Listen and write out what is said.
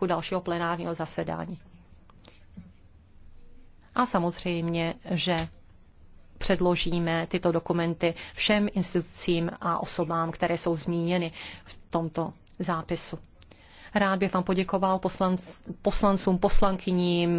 u dalšího plenárního zasedání. A samozřejmě, že předložíme tyto dokumenty všem institucím a osobám, které jsou zmíněny v tomto zápisu. Rád bych vám poděkoval poslanc, poslancům, poslankyním,